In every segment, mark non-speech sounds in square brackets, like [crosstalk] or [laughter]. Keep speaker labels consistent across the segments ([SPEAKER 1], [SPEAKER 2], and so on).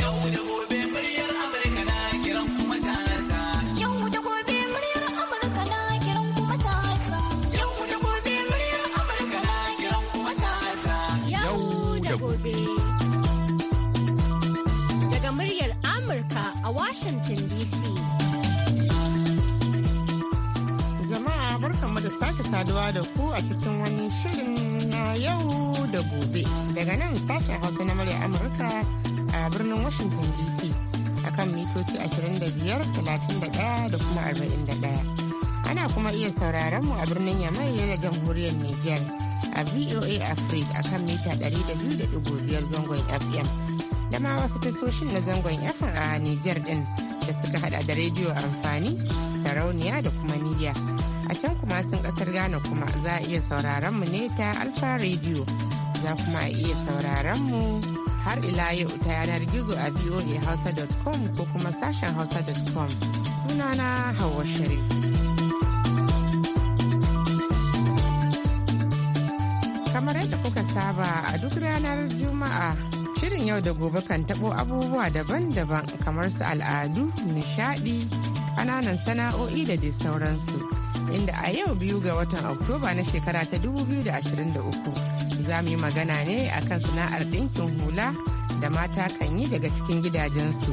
[SPEAKER 1] Yau da gobe muryar Amurka na kiran Yau da gobe muryar Amurka na kiran Yau da gobe muryar Amurka na kiran Yau da gobe.
[SPEAKER 2] Daga muryar Amurka a Washington DC.
[SPEAKER 3] Jama'a barkanmu da sake saduwa da ku a cikin wani shirin na yau da gobe. Daga nan sashen Hausa na muryar Amurka a birnin Washington DC akan mitoci 25, 31 da kuma 41. Ana kuma iya sauraron mu a birnin Yamai da jamhuriyar Nijar a VOA Africa akan mita 200.5 zangon FM. Dama wasu tasoshin na zangon FM a Nijar din da suka hada da rediyo amfani, sarauniya da kuma niyya. A can kuma sun kasar Ghana kuma za a iya sauraron mu ne ta Alfa Radio. Za kuma a iya sauraron mu har ila yau ta yanar gizo a voahausa.com ko kuma sashen hausa.com sunana hawa shari. kamar yadda kuka saba a duk ranar juma'a shirin yau da gobe kan tabo abubuwa daban-daban kamar su al'adu nishadi ƙananan sana'o'i da dai sauransu inda a yau biyu ga watan Oktoba na shekara ta 2023 za mu yi magana ne akan sana'ar ɗinkin hula da mata kan yi daga cikin gidajensu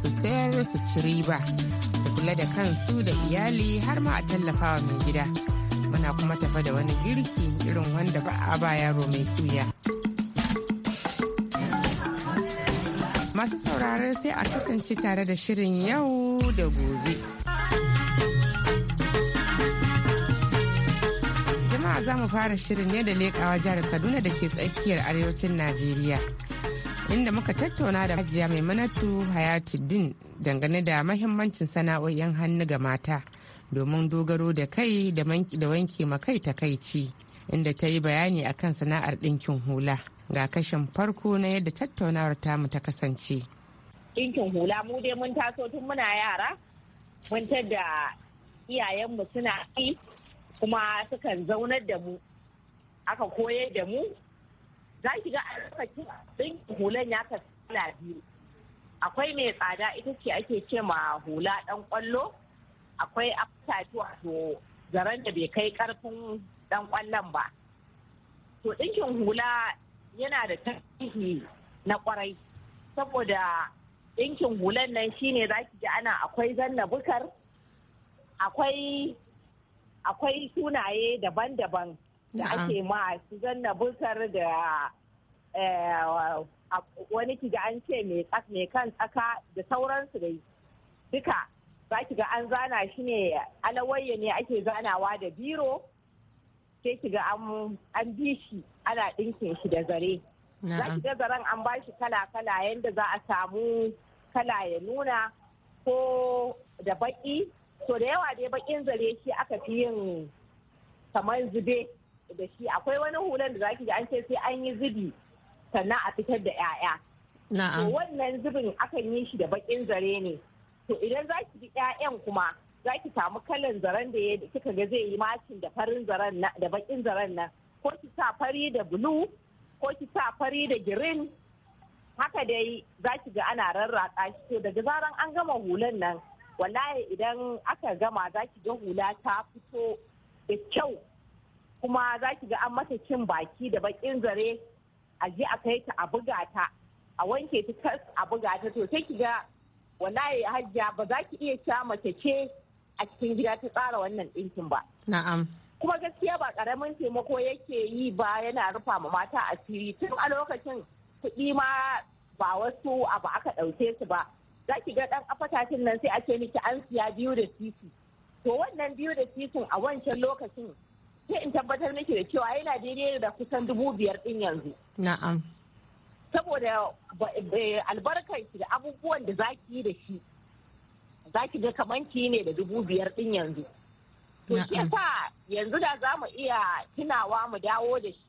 [SPEAKER 3] su sayar su ci riba su kula da kansu da iyali har ma a tallafawa mai gida. Muna kuma tafa da wani girki irin wanda ba a ba yaro mai suya Masu sauraron sai a kasance tare da shirin yau da gobe. jama'a za mu fara shirin ne da lekawa jihar Kaduna da ke tsakiyar arewacin Najeriya. Inda muka tattauna da hajiya mai manatu din dangane da mahimmancin sana'o'in hannu ga mata domin dogaro da kai da wanke makai takaici inda ta yi bayani akan sana'ar ɗinkin hula ga kashin farko na yadda tattaunawar tamu ta kasance.
[SPEAKER 2] Ɗinkin hula mu dai mun taso tun muna yara mun da iyayenmu suna yi kuma sukan zaunar da mu aka koyar da mu za ki ga a lokacin ɗinkin hulan ya kala biyu akwai mai tsada ita ce ake ce ma hula ɗan ƙwallo akwai afta wato zaren da bai kai ƙarfin ɗan ƙwallon ba to ɗinkin hula yana da tarihi na ƙwarai saboda ɗinkin hulan nan shine za ki ji ana akwai zanna bukar akwai akwai sunaye daban-daban da ake ma su zanna busar da eh, wani kiga an ce mai kan tsaka da sauransu da duka za ki ga an zana shi ne alawayya ne ake zanawa da biro sai kiga an bi shi ana ɗinkin shi da zare za ki ga zaren an ba shi kala-kala yadda za a samu kala ya nuna ko da baƙi to da yawa dai bakin zare shi aka fi yin kamar zube da shi akwai wani hulan da zaki ji an ce sai an yi zubi sannan a fitar da 'ya'ya. To wannan zubin akan yi shi da bakin zare ne. To idan za ki bi 'ya'yan kuma za ki samu kalan zaren da kika ga zai yi macin da farin zaren da bakin zaren nan. Ko ki sa fari da bulu, ko ki sa fari da girin. Haka dai za ki ga ana rarraka shi. To daga zaran an gama hulan nan wallahi idan aka gama za ki ga hula ta fito da kyau kuma za ki ga an mata cin baki da bakin zare a je a kai ta a buga ta a wanke ta kas a buga ta to sai ki ga wallahi hajja ba za ki iya sha mace ce a cikin gida ta tsara wannan ɗinkin ba. Na'am. Kuma gaskiya ba ƙaramin taimako yake yi ba yana rufa ma mata asiri tun a lokacin kuɗi ma ba wasu abu aka ɗauke su ba. za ki ga ɗan afatacin nan sai ake miki an siya biyu da titi to wannan biyu da titin a wancan lokacin sai in tabbatar miki da cewa yana daidai da kusan dubu biyar ɗin yanzu na'am saboda albarkar ki da abubuwan da za ki yi da shi za ki ga ki ne da dubu biyar ɗin yanzu to shi yasa yanzu da za mu iya tunawa mu dawo da shi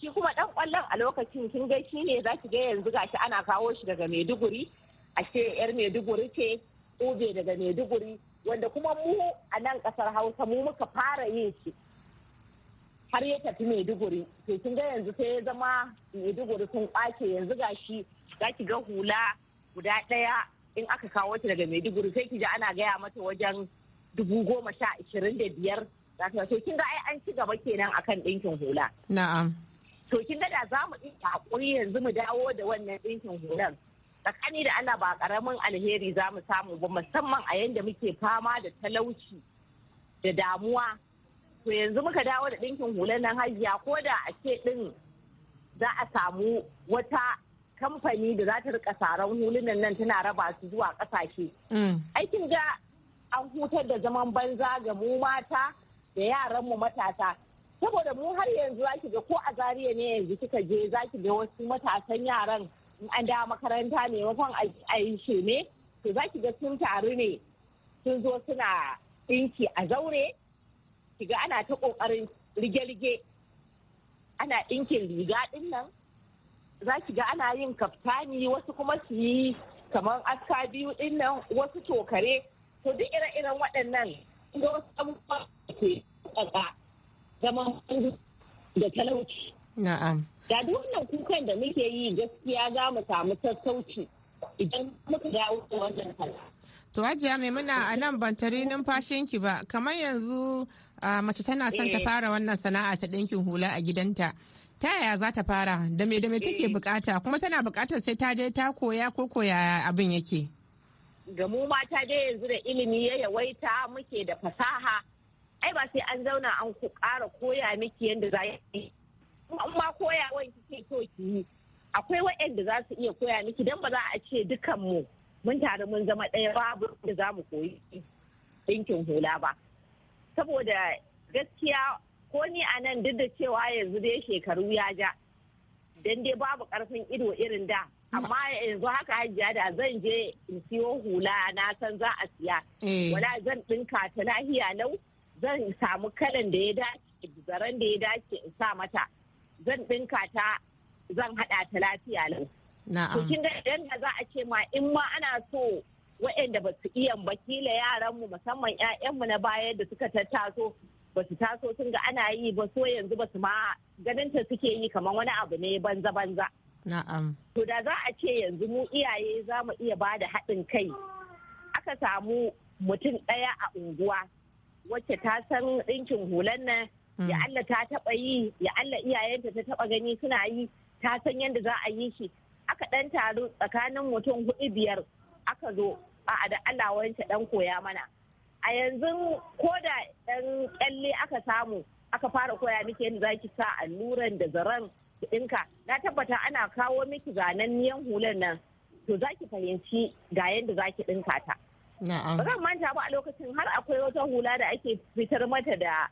[SPEAKER 2] shi kuma ɗan ƙwallon a lokacin kin ga shi ne za ki ga yanzu gashi ana kawo shi daga maiduguri ashe yar maiduguri ce obe daga maiduguri wanda kuma mu a nan kasar hausa mu muka fara yin shi har ya tafi maiduguri to kin ga yanzu sai ya zama maiduguri sun kwace yanzu gashi za ki ga hula guda ɗaya in aka kawo ta daga maiduguri sai ki ji ana gaya mata wajen dubu goma sha ashirin da biyar to kin ga ai an ci gaba kenan akan ɗinkin hula na'am to kin ga da za mu ɗinka hakuri yanzu mu dawo da wannan ɗinkin hular tsakani da Allah ba karamin alheri za mu samu ba musamman a yanda muke fama da talauci da damuwa to yanzu muka dawo da ɗinkin hular nan hajiya ko da a ce ɗin za a samu wata kamfani da za ta rika saran hulunan nan tana raba su zuwa ƙasashe mm. aikin ga an hutar da zaman banza ga mu mata da yaran mu matasa saboda mu har yanzu zaki ga ko a zariya ne yanzu kika je zaki ga wasu matasan yaran an da makaranta maimakon a yi shirme to za ki ga sun taru ne sun zo suna ɗinki a zaure ki ga ana ta ƙoƙarin rige-rige ana ɗinkin riga din nan za ki ga ana yin kaftani wasu kuma su yi kamar aska biyu din nan wasu tokare to duk ire-iren waɗannan inda wasu abubuwa ke zaman da talauci. Na'am. ga duk wannan kukan da muke yi gaskiya za mu samu tattauci idan muka dawo da wannan To Hajiya muna
[SPEAKER 3] a nan ban tari numfashinki ba kamar yanzu mace tana son ta eh. fara wannan sana'a ta ɗinkin hula a gidanta. Ta yaya za ta fara da me da me take eh. bukata kuma tana bukatar sai ta je ta koya ko koya abin yake.
[SPEAKER 2] Ga mu mata dai yanzu da ilimi ya yawaita muke da fasaha ai ba sai an zauna an ku ƙara koya miki yadda za yi ma ki kike to ki yi akwai waɗanda za su iya koya miki dan ba za a ce dukan mu mun tare mun zama ɗaya babu da za mu koyi ɗinkin hula ba saboda gaskiya ko ni a nan duk da cewa yanzu dai shekaru ya ja dan dai babu ƙarfin ido irin da amma yanzu haka hajiya da zan je in siyo hula na san za a siya eh. wala zan ɗinka ta lahiya lau zan samu kalan da ya dace zaren da ya dace in sa mata zan ɗinka ta zan haɗa ta lafiya lau. Na'am. Kukin da idan da za a ce ma in ma ana so waɗanda ba su iya ba yaran mu musamman ƴaƴan mu na baya da suka tattaso ba su taso sun ga ana yi ba so yanzu ba su ma ganin ta suke yi kamar wani abu ne banza banza. Na'am. To da za a ce yanzu mu iyaye za mu iya ba da haɗin kai. Aka samu mutum ɗaya a unguwa wacce ta san ɗinkin hulan nan ya mm. Allah ta taba yi ya Allah iyayenta ta taba gani suna yi ta san yadda za a yi shi aka dan taru tsakanin mutum hudu biyar aka zo a da Allah wancan dan koya mana a yanzu ko da dan kyalle aka samu aka fara koya miki yadda zaki sa alluran da zaren ɗinka na tabbata ana kawo miki zanen miyan hular nan to zaki fahimci ga yadda zaki ɗinka ta. Ba zan manta ba a lokacin har akwai wata hula da ake fitar mata da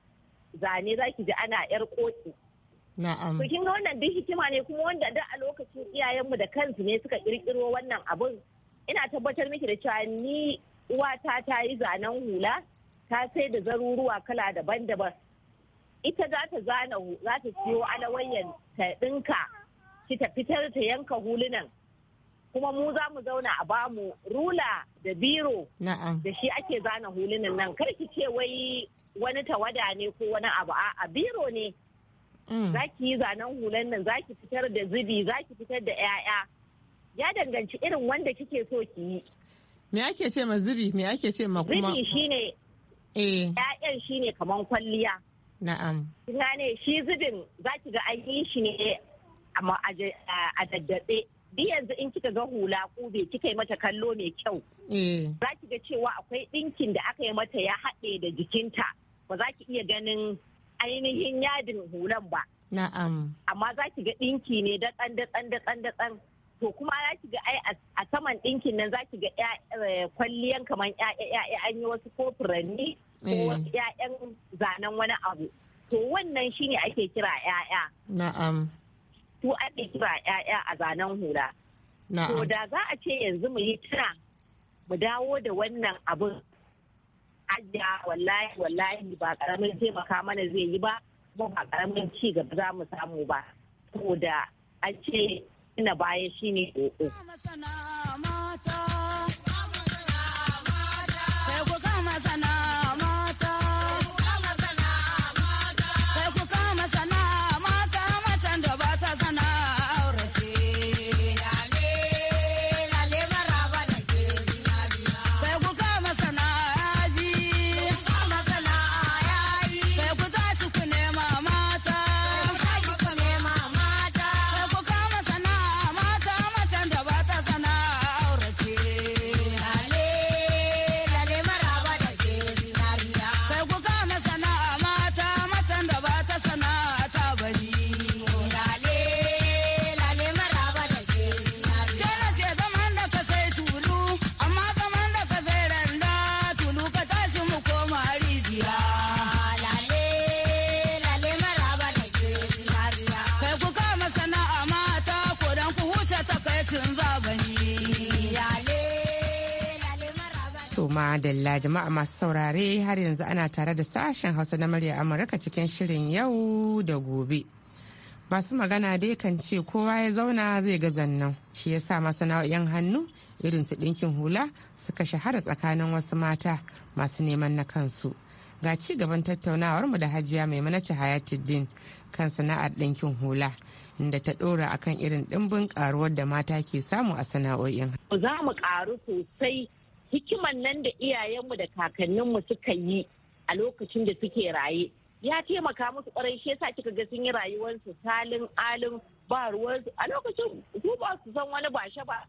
[SPEAKER 2] zane zaki ji ana yar koki Na'am. kin ga wannan duk hikima ne kuma wanda da a lokacin iyayenmu da kansu ne suka kirkiro wannan abun. Ina tabbatar miki da cewa ni uwata ta yi zanen hula ta sai da zaruruwa kala daban-daban. Ita za ta zana za ta siyo alawayen ta ɗinka ki ta fitar ta yanka hulunan. Kuma mu za mu zauna a bamu rula da biro da shi ake zana hulunan nan kar ki ce wai wani tawada ne ko wani abu a biro ne mm. za ki yi zanen hulan nan za ki fitar da zubi za ki fitar da 'ya'ya ya danganci irin wanda kike so ki yi
[SPEAKER 3] me ake ce ma zubi me ake ce ma kuma zubi
[SPEAKER 2] shine eh ƴaƴan shine kaman kwalliya na'am kina ne shi zubin za ki ga an yi shi ne a daddatse Di yanzu in kika ga hula kube kika yi mata kallo mai kyau eh. za ki ga cewa akwai ɗinkin da aka yi mata ya haɗe da jikinta ba za ki iya ganin ainihin yadin hulan ba
[SPEAKER 3] na'am
[SPEAKER 2] amma za ki ga ɗinki ne datsan datsan datsan datsan to kuma za ki ga ai a saman ɗinkin nan za ki ga eh, kwalliyan kamar ya'ya an yi wasu ko furanni ko eh. ya'yan zanen wani abu to wannan shine ake kira ya'ya
[SPEAKER 3] na'am
[SPEAKER 2] su ake kira ‘ya'ya a zanen hula. da za a ce yanzu mu yi tira mu dawo da wannan abin ajiya wallahi wallahi ba karamin taimaka mana zai yi ba kuma ba karamin ci gaba za mu samu ba. ko da a ce ina baya shine ƙoƙo.
[SPEAKER 1] Kai ku masana
[SPEAKER 3] Madalla jama'a masu saurare har yanzu ana tare da sashen Hausa na murya Amurka cikin shirin yau da gobe. Masu magana dai kan ce kowa ya zauna zai ga zannan shi ya sa masu nau'in hannu irin su ɗinkin hula suka shahara tsakanin wasu mata masu neman na kansu. Ga ci gaban tattaunawar mu da hajiya mai manaci din kan sana'ar ɗinkin hula. da ta ɗora akan irin ɗimbin ƙaruwar da mata ke samu a sana'o'in.
[SPEAKER 2] Za mu ƙaru sosai hikiman nan da iyayenmu da kakanninmu suka yi a lokacin da suke raye ya taimaka musu kwarai shi yasa kika ga sun yi rayuwarsu salin alin ba ruwansu a lokacin su ba su san wani bashe ba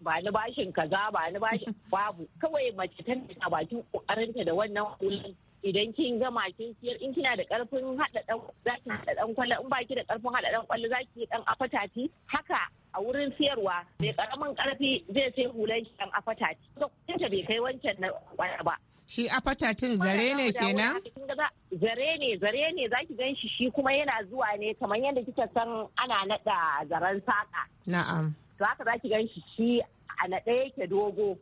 [SPEAKER 2] ba ni bashin kaza ba ni bashin babu kawai mace tana bakin kokarinta da wannan kulan idan kin gama kin siyar in kina da karfin hada dan zaki hada dan kwalla in baki da karfin hada dan kwalla zaki dan afatati haka a wurin siyarwa mai karamin karfi zai sai hulan shi dan afatati to ta bai kai wancan na kwalla ba shi afatatin
[SPEAKER 3] zare ne kenan
[SPEAKER 2] zare ne zare ne zaki gan shi shi kuma yana zuwa ne kamar yadda kika san ana nada zaren saka na'am to haka zaki gan shi shi a nada yake dogo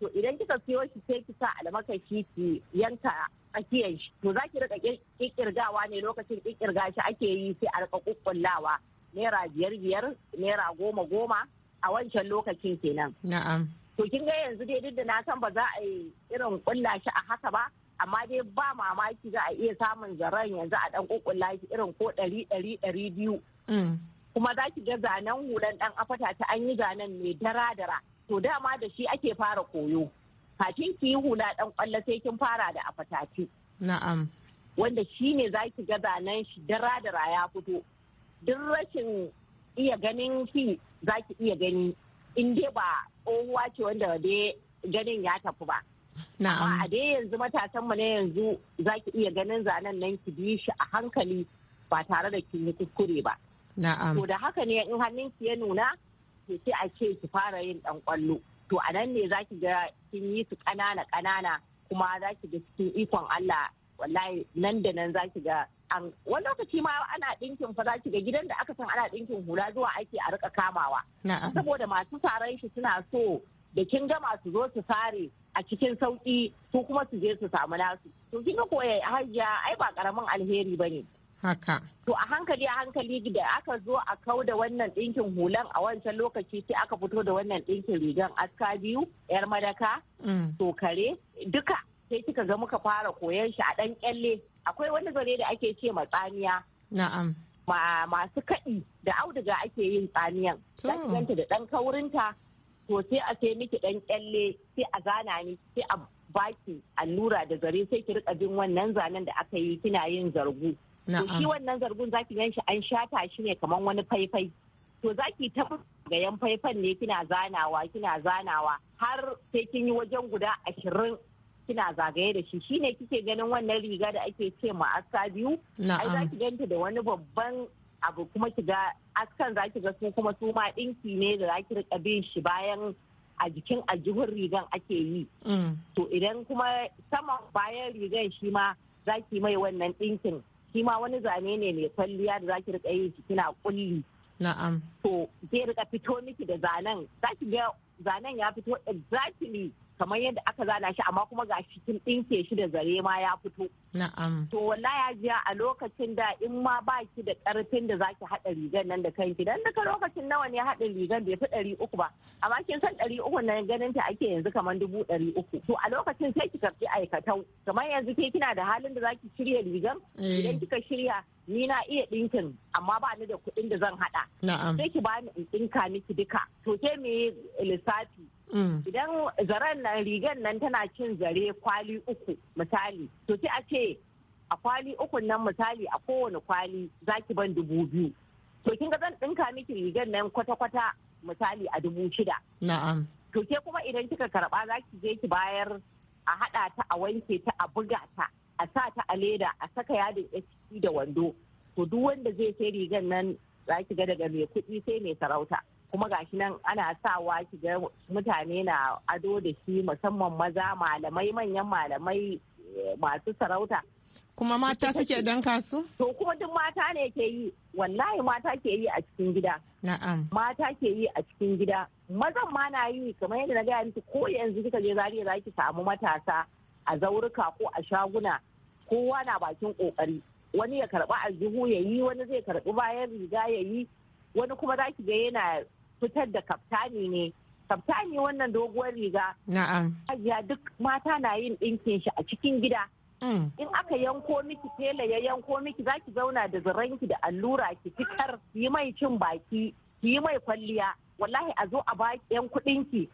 [SPEAKER 2] to idan kika siyo shi sai ki sa almakashi ki yanka a kiyaye shi to zaki rika kirkirgawa ne lokacin kirkirga shi ake yi sai a rika kukkullawa naira biyar biyar naira goma goma a wancan lokacin kenan na'am to kin ga yanzu dai duk da na san ba za a yi irin kulla shi a haka ba amma dai ba mamaki za a iya samun zaren yanzu a dan kukkulla shi irin ko ɗari ɗari ɗari biyu mm. kuma za ki ga zanen hulan dan afata ta an yi zanen mai dara dara to dama da shi ake fara koyo kafin ki yi hula dan kwallo sai kin fara da afatati na'am wanda shi ne za ga zanen shi dara dara ya fito duk rashin iya ganin shi za ki iya gani in dai ba tsohuwa ce wanda dai ganin ya tafi ba Na'am. A dai yanzu matasan mu na yanzu zaki iya ganin zanen nan ki bi shi a hankali ba tare da kin yi kuskure ba. Na'am. To da haka ne in hannun ki ya nuna ke ce a ce ki fara yin dan kwallo. to a nan ne za ki ga kin yi su ƙanana ƙanana kuma za ki ga cikin ikon Allah wallahi nan da nan za ki ga an wani lokaci ma ana ɗinkin fa za ki ga gidan da aka san ana ɗinkin hula zuwa ake a rika kamawa saboda masu saran shi suna so da kin gama su zo su sare a cikin sauki su kuma su je su samu nasu to kin ga koyai eh, hajiya ai ba karamin alheri bane Haka. To a hankali a hankali da aka zo a kau da wannan ɗinkin hulan a wancan lokaci sai aka fito da wannan ɗinkin rigan aska biyu, 'yar madaka, mm. kare duka sai kika ga muka fara koyan shi a ɗan kyalle. Akwai wani zare da ake ce matsaniya. Na'am. masu kaɗi da auduga ake yin tsamiyan. Za ganta da ɗan kaurinta to sai a sai miki ɗan kyalle sai a zana ni sai a baki allura da zare sai ki rika jin wannan zanen da aka yi kina yin zargu. shi wannan zargun zaki gan an shata shi ne kamar wani faifai to zaki ta ga yan faifan ne kina zanawa kina zanawa har sai kin yi wajen guda ashirin kina zagaye da shi shine kike ganin wannan riga da ake ce ma aska biyu ai zaki ganta da wani babban abu kuma ki ga askan zaki ga su kuma su ma dinki ne da zaki rika bin shi bayan a jikin aljihun rigan ake yi mm. to idan kuma saman bayan rigan shi ma zaki mai wannan dinkin shi wani zane ne mai kwalliya da zaki rika yi kina kulli na'am to zai rika fito miki da zanen zaki ga zanen ya fito exactly kamar yadda aka zana shi amma kuma ga cikin ɗinke shi da zare ma ya fito. Na'am. To wallahi jiya a lokacin da in ma ba ki da ƙarfin da zaki haɗa rigar nan da kanki dan duka lokacin nawa ne haɗa rigar bai fi ɗari uku ba amma kin san ɗari uku na ganin ta ake yanzu kamar dubu ɗari uku. To a lokacin sai ki karɓi aikatau kamar yanzu ke kina da halin da zaki shirya rigar eh. idan kika shirya ni na iya ɗinkin amma ba ni da kuɗin da zan haɗa. Na'am. Sai ki bani in ɗinka miki duka to ke me lissafi Mm. Idan zaren nan rigan nan tana cin zare kwali uku misali, to sai a ce a kwali uku nan misali a kowane kwali zaki ban dubu biyu. To kin ga zan ɗinka miki rigan nan kwata-kwata misali a dubu shida. Na'am. To ke kuma idan kika karɓa zaki je ki bayar a haɗa ta a wanke ta a buga ta a sa ta a leda a saka yadin ciki da wando. To duk wanda zai sai rigan nan za ki ga daga mai kuɗi sai mai sarauta. kuma gashi nan ana sawa ki ga mutane na ado da shi musamman maza malamai manyan malamai eh, masu sarauta kuma mata suke don kasu? To kuma duk mata ne ke yi, wallahi mata ke yi a cikin gida. Na'am. Mata ke yi a cikin gida. Mazan ma na yi kamar yadda na gaya miki ko yanzu kika je zariya za ki samu matasa a zaurika ko a shaguna kowa na bakin kokari. Wani ya karba aljihu ya yi, wani zai karbi bayan riga ya yi, wani kuma za ki ga yana fitar da kaftani ne kaftani wannan doguwar riga na'am duk mata na yin ɗinkin shi a cikin gida mm. in aka yanko miki tela ya yanko miki zaki zauna da zaranki da allura ki fitar yi mai cin baki ki yi mai kwalliya wallahi a zo a ba yan kuɗin ki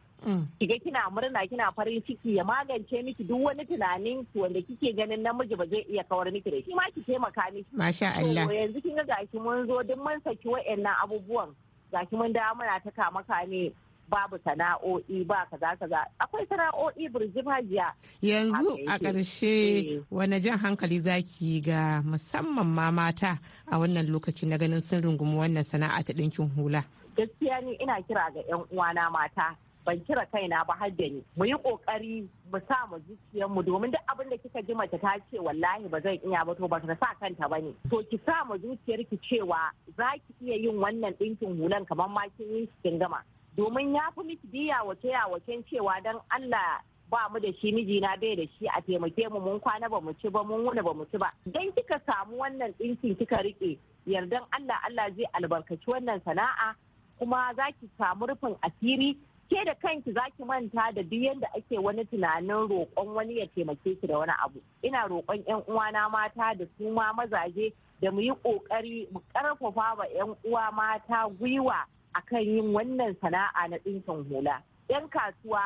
[SPEAKER 2] kiga mm. kina murna kina farin ciki ya magance miki duk wani tunanin ki wanda kike ganin namiji ba zai iya kawar miki da shi ma ki taimaka miki masha Allah yanzu kin ga gashi mun zo duk mun saki wayannan abubuwan gashi mun da muna ta kamaka ne babu sana'o'i ba kaza kaza akwai sana'o'i burjin hajiya yanzu a ƙarshe eh.
[SPEAKER 3] wani jan hankali zaki ga musamman ma mata a wannan lokaci na ganin sun rungumi wannan sana'a ta ɗinkin hula
[SPEAKER 2] gaskiya ni ina kira ga 'yan uwana mata ban kira kaina ba har da ni mu yi kokari mu sa mu zuciyar mu domin duk abin da kika ji mace ta ce wallahi ba zan iya ba to ba ta sa kanta ba ne to ki sa mu zuciyar ki cewa za ki iya yin wannan ɗinkin hulan kamar ma kin yi kin gama domin ya fi miki biya wace ya wacen cewa dan Allah ba mu da shi mijina bai da shi a taimake mu mun kwana ba mu ci ba mun wuna ba mu ci ba dan kika samu wannan ɗinkin kika rike yardan Allah Allah zai albarkaci wannan sana'a kuma za ki samu rufin asiri ke da kanki zaki manta da duk yadda ake wani tunanin roƙon wani ya taimake ki da wani abu ina roƙon yan uwana mata da su ma mazaje da mu yi ƙoƙari mu ƙarfafa wa yan uwa mata gwiwa akan yin wannan sana'a na ɗinkin hula yan kasuwa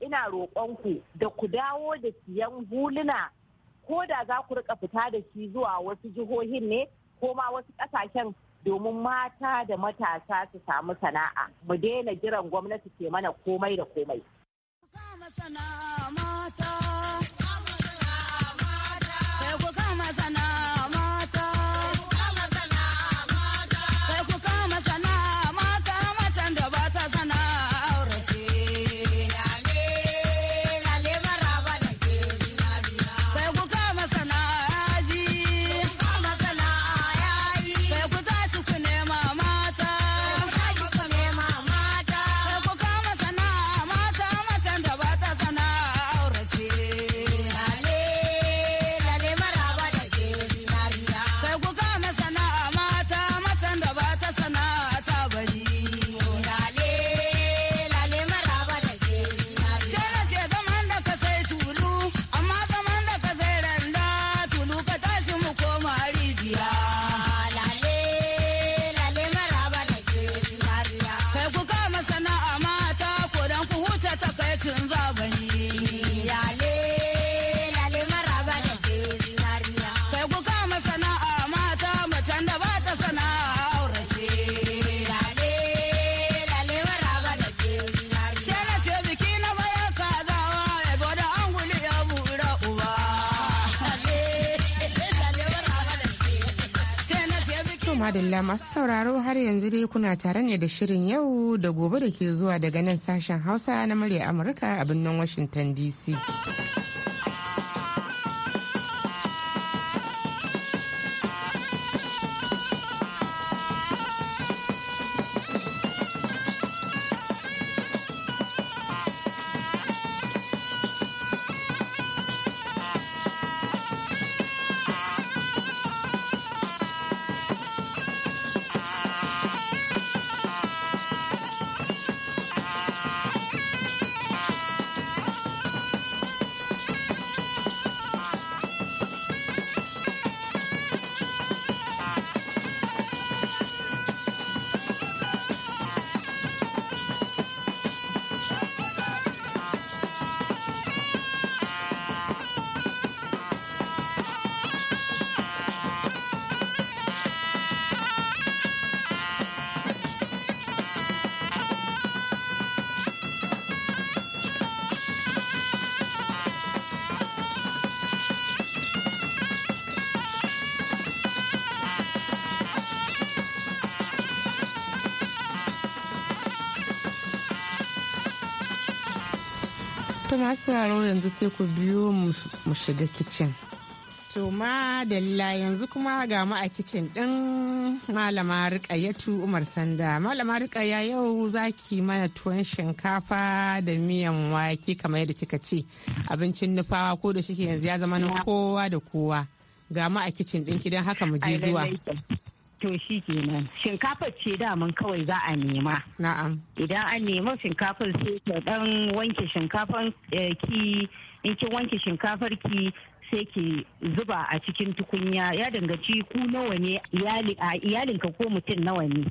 [SPEAKER 2] ina roƙon ku da ku dawo da siyan huluna ko da za ku rika fita da shi zuwa wasu jihohin ne ko ma wasu ƙasashen domin mata da matasa su samu sana'a mu daina jiran gwamnati ke mana komai da komai.
[SPEAKER 3] madalla masu sauraro har yanzu dai kuna tare ne da shirin yau da gobe da ke zuwa daga nan sashen hausa na murya amurka a birnin washington dc kuma sauraro yanzu sai ku biyo mu shiga kicin. To madalla yanzu kuma ga mu a kicin ɗin malama rikayyatu Umar Sanda. Malama rikayya yau zaki mana tuwon shinkafa da miyan wake kamar yadda kika ce abincin nufawa ko da shi yanzu ya zama na kowa da kowa. Ga mu a kicin ɗin kidan haka mu je zuwa.
[SPEAKER 2] to shi kenan shinkafar ce daman kawai za a nema na'am idan an nema shinkafar sai ta dan wanke shinkafar eh, ki in ki wanke shinkafar ki sai ki zuba a cikin tukunya ya danganci ku nawa ne iyalinka ko mutum nawa ne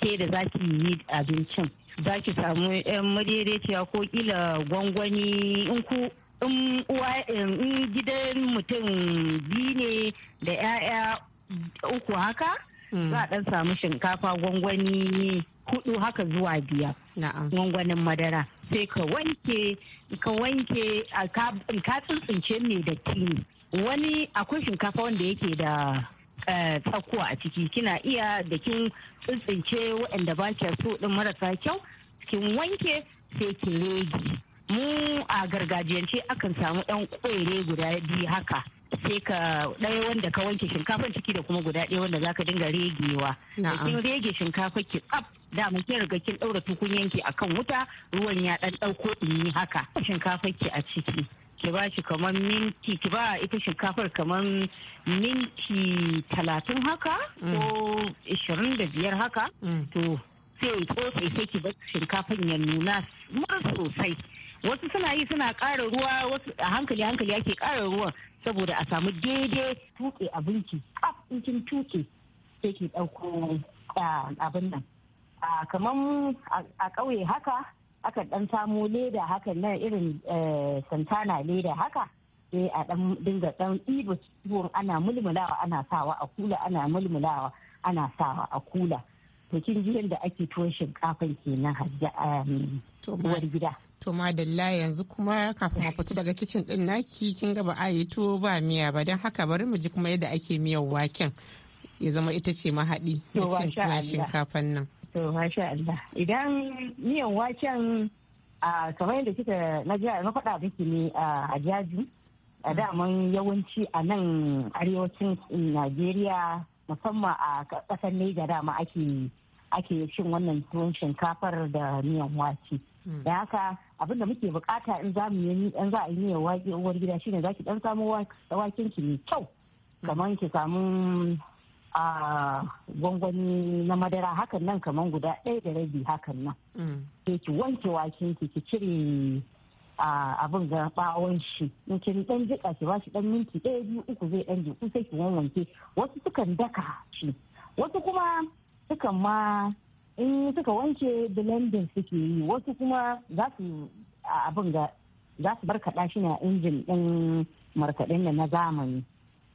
[SPEAKER 2] ke da za yi abincin zaki ki samu yan madaidaiciya ko kila gwangwani in ku in gidan mutum biyu ne da 'ya'ya uku haka Mm. za a dan samu shinkafa gwangwani hudu haka zuwa biyar gwangwanin madara sai ka wanke ka wanke ka tsintsince ne datti ne wani akwai shinkafa wanda yake da eh, tsakuwa a ciki kina iya da kin tsintsince waɗanda ba kya so ɗin marasa kyau kin wanke sai ki rege mu a gargajiyance akan samu ɗan ƙwere guda biyu haka sai ka ɗaya wanda ka wanke shinkafa ciki da kuma guda ɗaya wanda zaka dinga regewa da kin rege shinkafa ki tsaf da mun kin riga kin ɗaura tukunyanki akan wuta ruwan ya ɗan ɗauko ɗumi haka shinkafa ki a ciki ki ba shi kamar minti ki ba ita shinkafar kamar minti talatin haka mm. ko ishirin da biyar haka mm. to sai kosai sai ki bar shinkafar ya nuna mara sosai wasu suna yi suna ƙara ruwa wasu a hankali hankali ake ƙara ruwan saboda a samu daidai tuke abinci kaf in kin tuke sai ke ɗauko abin nan kamar a ƙauye haka aka ɗan samo leda haka na irin eh, santana leda haka sai a ɗan dinga ɗan ɗiba tuwon ana mulmulawa ana sawa a kula ana mulmulawa ana sawa a kula to kin ji yadda ake tuwon shinkafan kenan um,
[SPEAKER 3] uwar gida to madalla yanzu kuma kafin mu fita daga kicin din naki kin ga ba a yi tuwo ba miya ba don haka bari mu ji kuma yadda ake miyan waken ya zama ita ce
[SPEAKER 2] mahaɗi na cin tuwon shinkafan nan. To masha Allah idan miyan waken a kamar yadda kika na na faɗa miki ne a Ajaji a daman yawanci a nan arewacin Najeriya musamman a ƙasar Niger dama ake ake cin wannan tuwon shinkafar da miyan wake. da haka abin da muke bukata in za mu yi in za a yi miya waki uwar gida shine zaki dan samu waken ki mai kyau kamar ki samu a gwangwani na madara hakan nan kamar guda ɗaya da rabi hakan nan mm. sai ki wanke waken ki ki cire abin ga bawon shi in kin dan jika ki ba shi dan minti ɗaya biyu uku zai dan jiku sai ki wanke wasu sukan daka shi wasu kuma sukan ma in eh, suka wanke blending suke yi wasu kuma za su abin ga za su barkaɗa shi na injin ɗin markaɗen da na zamani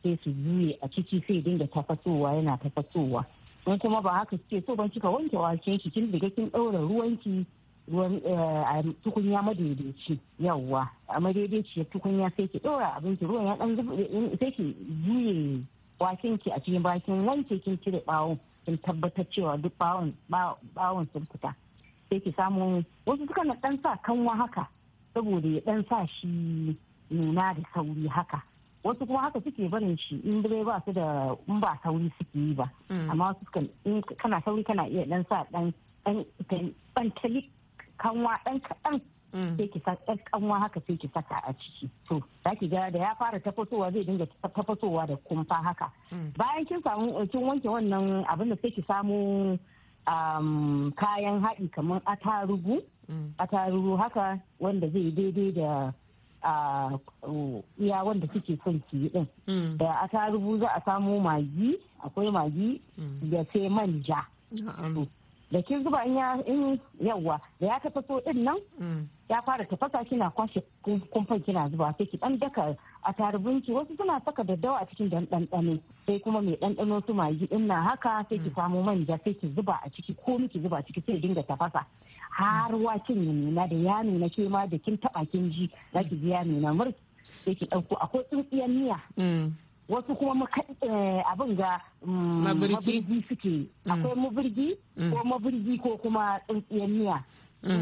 [SPEAKER 2] sai su juye a ciki sai dinga tafasowa yana tafasowa in kuma ba haka suke so ban cika wanke waken shi kin daga kin ɗaura ruwanki ruwan eh, tukunya madaidaici yawwa a madaidaici ya tukunya sai ki ɗora abinci ruwan ya ɗan eh, sai ki juye wakenki a cikin bakin wanke kin cire ɓawon sun tabbatar cewa duk bawon sun fita sai ki samu wasu suka na dan sa kanwa haka saboda ya dan sa shi nuna da sauri haka wasu kuma haka suke barin shi in dai ba su da in ba sauri suke yi ba mm. amma wasu suka in kana sauri kana iya dan sa dan dan kanwa dan kadan Mm. sai ki sa ɗan kanwa haka sai ki saka a ciki to za ki ga da ya fara tafasowa zai dinga tafasowa da kumfa haka mm. bayan kin samu kin wanke wannan abin da sai ki samu um, kayan haɗi kamar atarugu mm. atarugu haka wanda zai daidai da iya wanda suke son ki yi din da atarugu za a samu magi akwai magi da sai manja da kin zuba in ya yawa da ya tafaso din nan mm. ya fara tafasa kina kwashe kumfan kina zuba sai ki dan daka a tarubinki wasu suna saka daddawa a cikin dan sai kuma mai dandano su magi din na haka sai ki mm. samu manja sai ki zuba a ciki ko miki zuba a ciki sai dinga tafasa har mm. wakin ya nuna da ya nuna ke ma da kin taba kin ji zaki ji ya nuna mur sai ki dauko akwai tsintsiyar miya wasu kuma eh, abin ga mm, mabirgi suke mm. akwai mabirgi mm. ko mabirgi ko kuma tsintsiyar miya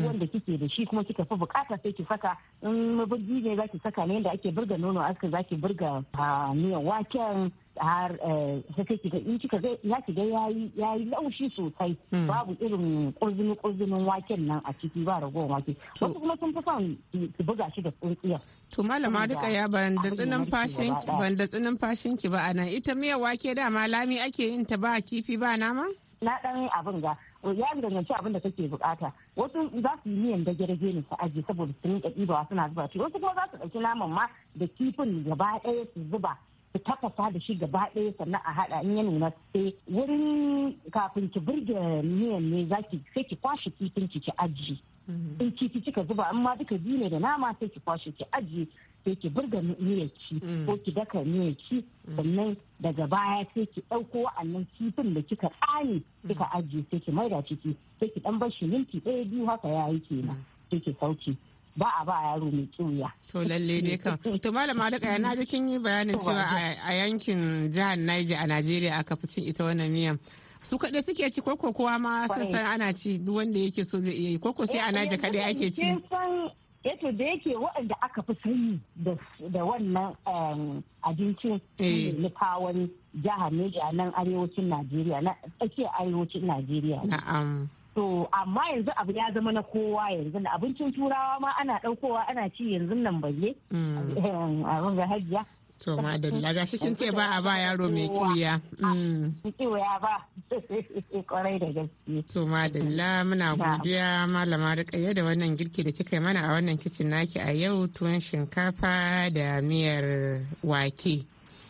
[SPEAKER 2] wanda kike da shi kuma kika fi bukata sai ki saka in mabirgi ne za ki saka ne da ake burga nono aska za ki burga ah, miyan waken har sai eh, ga in kika ga ya yayi yayi laushi sosai hmm. babu irin kurzumi kurzumin waken nan a ciki ba ragowar wake wasu kuma sun fi son su buga shi da tsuntsiya to malama duka ya ban da tsinin
[SPEAKER 3] fashin ban da tsinin fashin ki ba anan ita miyar wake da malami ake yin ta ba kifi ba
[SPEAKER 2] nama na dan abin ga ya danganci abin da kake bukata wasu za su yi miyan dage rage ne su aje saboda su rinka ɗibawa suna zuba shi wasu kuma za su ɗauki naman ma da kifin gaba ɗaya su zuba Ku tafasa da shi gaba ɗaya sannan a haɗa in ya nuna sai wurin kafin ki burge miyan ne zaki sai ki kwashe kifin ki ki aji mhm. in kifi kika zuba amma duka biyu ne da nama sai ki kwashe ki aji sai ki burga miyan ki mhm. ko ki daka miyan ki mhm. sannan daga baya sai ki ɗauko wa'annan kifin da kika tsani kika ajiye sai ki maida ciki sai ki ɗan bar shi minti ɗaya biyu haka ya yi kenan sai ki sauke ba a ba yaro mai kyauya. To lalle dai kan. To malama duka yana ji kin yi bayanin cewa a
[SPEAKER 3] yankin jihar Niger a Najeriya aka fi cin ita wannan miyan. Su kaɗai suke ci koko kowa ma sun ana ci duk wanda yake so zai iya yi koko sai a eh, Niger kaɗai
[SPEAKER 1] ake ci.
[SPEAKER 2] Yato eh, da yake waɗanda aka fi sani da wannan abincin eh. nufawan jihar Niger nan arewacin Najeriya na tsakiyar arewacin Najeriya. Na'am. So amma yanzu abu ya zama na kowa yanzu na abincin turawa ma ana ɗaukowa ana ci yanzu nan balle mm. [laughs] abin ga hajiya to madalla ga shi kin ce ba a ba yaro mai kiwiya kiwiya mm. ah, ba
[SPEAKER 3] [laughs] kwarai da gaske to madalla muna godiya malama rikaye da wannan girki da kika yi mana a wannan kicin naki a yau tuwon shinkafa da miyar wake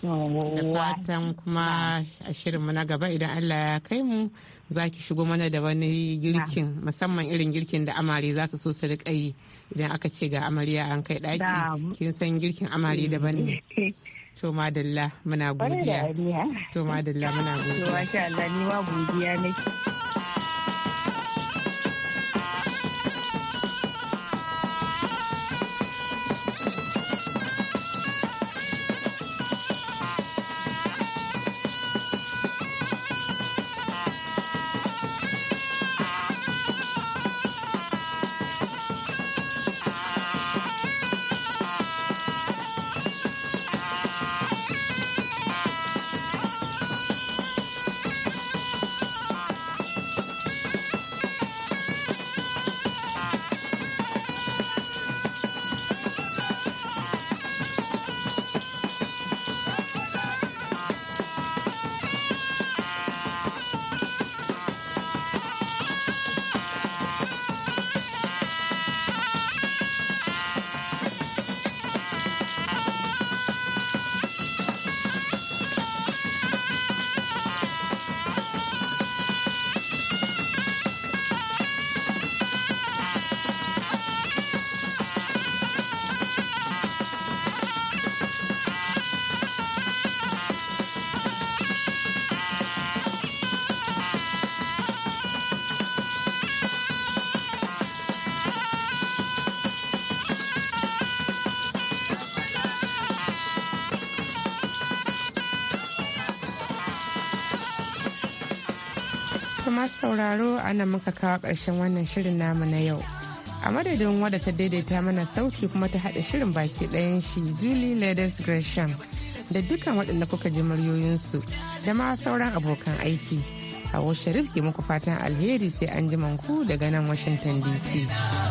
[SPEAKER 3] da fatan kuma a shirinmu na gaba idan Allah ya kai mu za ki shigo mana da wani girkin musamman irin girkin da amare za su so su riƙa yi idan aka ce ga amarya an kai ɗaki kin san girkin amare daban ne [laughs] to madalla muna godiya to madalla muna godiya to masha
[SPEAKER 2] Allah ni ma godiya nake
[SPEAKER 3] haka masu sauraro ana muka kawo ƙarshen wannan shirin namu na yau. A madadin wadda ta daidaita mana sauti kuma ta haɗa shirin baki ɗayan shi Julie Ladies Gresham da dukkan waɗanda kuka ji muryoyinsu da ma sauran abokan aiki. a Sharif ke muku fatan alheri sai an ji ku daga nan Washington DC.